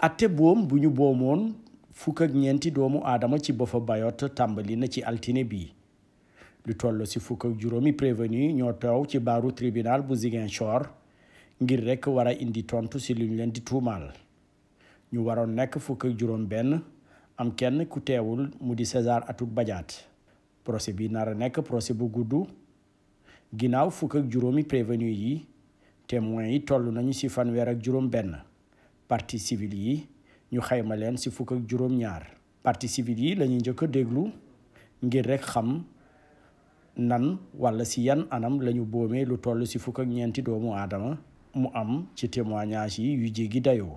atte boom bu ñu boomoon fukk ak ñeenti doomu aadama ci Boffa Bayotte tàmbali na ci altine bii lu toll si fukk ak juróomi prévenu ñoo teew ci baaru tribunal bu Ziguinchor ngir rekk war a indi tontu si lu ñu leen di tuumaal ñu waroon nekk fukk ak juróom benn am kenn ku teewul mu di César Atoute Badiate procès bi nar a nekk procès bu gudd ginnaaw fukk ak juróomi prévenu yi témoins yi toll nañu si fanweer ak juróom benn Parti civile yi ñu xayma leen ci fukk ak juróom-ñaar partie civile yi la njëkk ngir rek xam nan wala si yan anam lañu ñu boomee lu toll ci fukk ak ñeenti doomu aadama mu am ci témoignage yi yu jéggi dayoo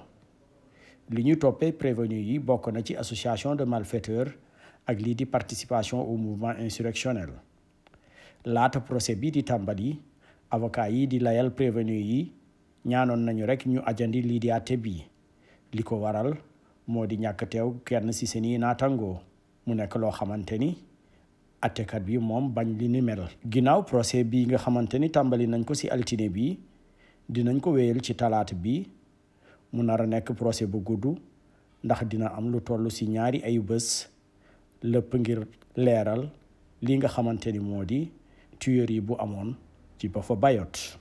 li ñu toppee prévenu yi bokk na ci association de malfaiteurs ak lii di participation au mouvement insurrectionnel laata procès bi di tàmbali avocat yi di layal prévenu yi ñaanoon nañu rek ñu ajandi lii di àtte bi li ko waral moo di ñàkk teew kenn ci seeni naatangoo mu nekk loo xamante ni attekat bi moom bañ li ni mel ginnaaw procès bi nga xamante ni tàmbali nañ ko ci altine bi dinañ ko wéyal ci talaata bi mu nar a nekk procès bu gudd ndax dina am lu toll ci ñaari ayu bés lépp ngir leeral li nga xamante ni moo di tueur yi bu amoon ci ba Bayot